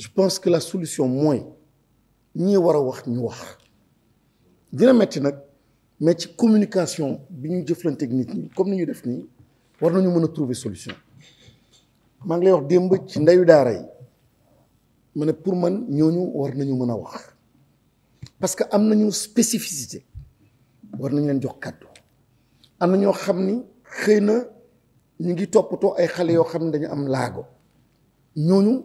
je pense que la solution moins ni war wax ni wax dina metti nak mais ci communication biñu ñu technique ni comme ni def ni war nañu mën trouver solution maa ngi lay wax démb ci ndeyu daara yi mané pour man ñoñu war nañu mën wax parce que am nañu spécificité war nañu leen jox cadeau am na ñoo xam ñu ngi topoto ay xalé yo xam dañu am lago. ñoñu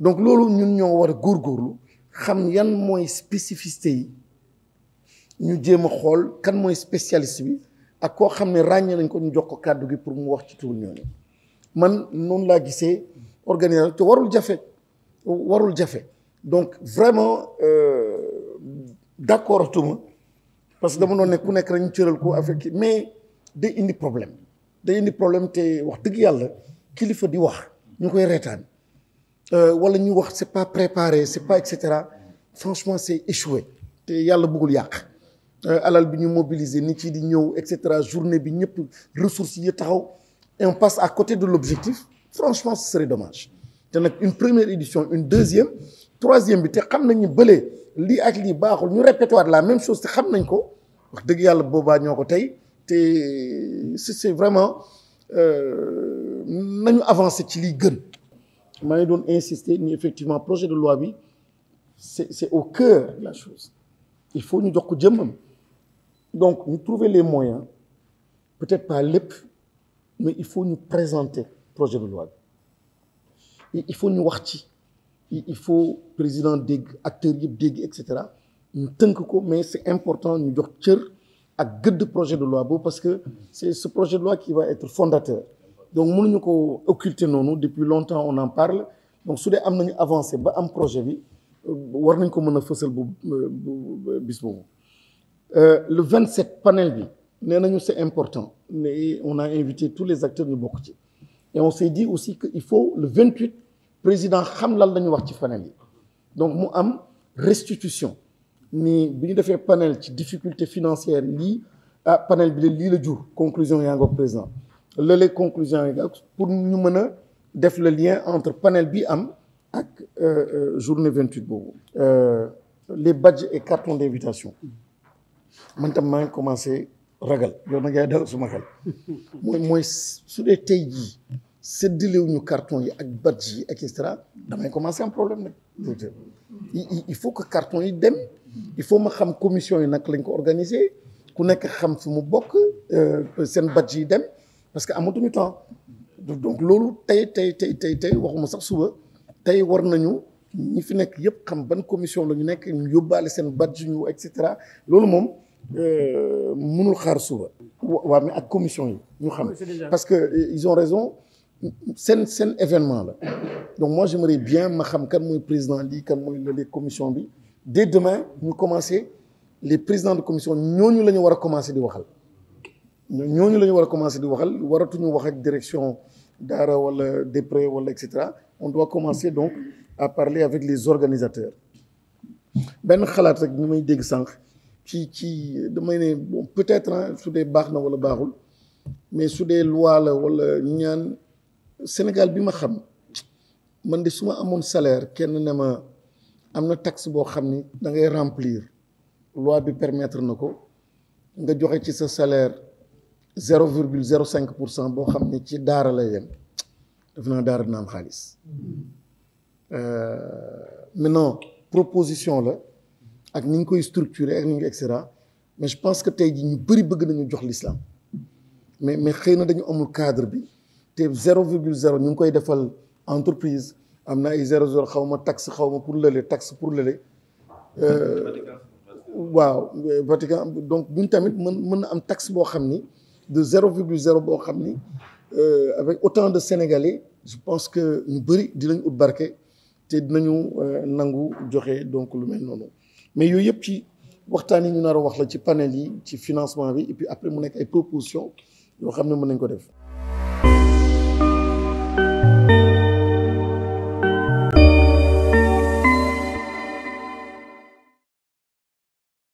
donc loolu ñun ñoo war a góorgóorlu xam yan mooy spécificité yi ñu jéem a kan mooy spécialiste bi ak koo xam ne nañ ko ñu jox ko kàddu gi pour mu wax ci tour ñooñu man non la gissé organisation te warul jafé warul jafé donc vraiment euh d'accord tuma parce que dama doon ne ku nek rañ ñu ko affecté mais day indi problème day indi problème te wax deug yalla kilifa di wax ñu koy euh, wala ñu wax c'est pas préparé c'est pas etc. franchement c'est échoué Et y bëggul le euh, alal bi ñu mobiliser nit yi di etc. journée bi ñëpp ressources yi taxaw et on passe à côté de l'objectif franchement ce serait dommage te a une première édition une deuxième troisième bi comme xam nañu bële li ak li baaxul ñu répéter la même chose te xam nañ ko wax dëgg yalla boba ñoo ko té c'est vraiment euh, nañu avancer ci li gën je vais insister ni effectivement projet de loi oui, c'est au cœur de la chose il faut nous jox nous donc nous trouver les moyens peut-être pas l'EP, mais il faut nous présenter projet de loi il faut nous voir il faut président le acteur yëpp etc. mais c'est important nous jox à ak du projet de loi parce que c'est ce projet de loi qui va être fondateur donc nous ko occulter nous. depuis longtemps on en parle donc si nous avons avancé ba am projet bi euh, war nañ ko a fait bu euh, euh, le 27 panel c'est important on a invité tous les acteurs du bokk et on s'est dit aussi qu'il faut le 28 président Khamlal de la panel donc mu am restitution Mais bi ñu un panel ci difficulté financière Le ah, panel bi de jour. la conclusion est encore président. Les conclusions pour nous mener a def le lien entre panel bi et euh, euh, journée 28 euh, les badges et cartons d'invitation Maintenant, tam maa commencé ragal yo na ngay dal suma xel moy mooy su dee tey jii wuñu carton yi ak badge yi et cetera damay commencé un problème problèmes. il faut que cartons yi dem il faut que xam commission yi nak lañ ko organiser ku nek xam fi mu euh badge yi parce que amatuñu temps donc lolu tay, tay, tay, tay, tay waxuma sax suba tay, war nañu ñi fi nek yépp xam ban commission la ñu nekk ñu yóbbaale sen badge ñu etc lolu mom euh mënul xaar suba. waa ak commission yi ñu xam. parce que euh, ils ont raison sen sen événement la donc moi j'aimerais bien ma xam kan moy président li, kan moy le commission bi dès demain ñu commencer les présidents de commission ñooñu la ñu commencer di waxal ñooñu lañu ñu war a commencé di waxal waratuñu wax ak direction daara wala dépré wala et cetera on doit commencer donc à parler avec les organisateurs benn xalaat rek ñu may dégg sànq ci ci damay ne bon peut-être hein, su dee baax na wala baaxul mais su dee loi la wala ñaan Sénégal bi ma xam man de su ma amoon salaire kenn ne ma am na taxe boo xam ni da ngay remplir loi bi permettre na ko nga joxe ci sa salaire. 0,05% bo xamné ci dara la yem def na daara dina am xaalis euh, maintenant proposition la ak ni ñu koy structuré ak ni et cetera mais je pense que tay jii ñu bëri bëgg nañu jox l'islam mais mais xeyna na dañu amul cadre bi té 0,0 ñu koy defal entreprise amna na ay zéro zéro taxe xawma pour le taxe pour euh waaw Vatican donc buñ tamit mën mën am taxe bo xam de 0,0 bo xamni euh avec autant de Sénégalais je pense que ñu bëri dinañ ut barké té dinañu euh, nangu joxé donc lu mel noonu mais yooyu yëpp ci waxtani ñu nar wax la ci panel yi ci financement bi et puis après mu nek ay propositions yo xamni ne mën nañ ko def.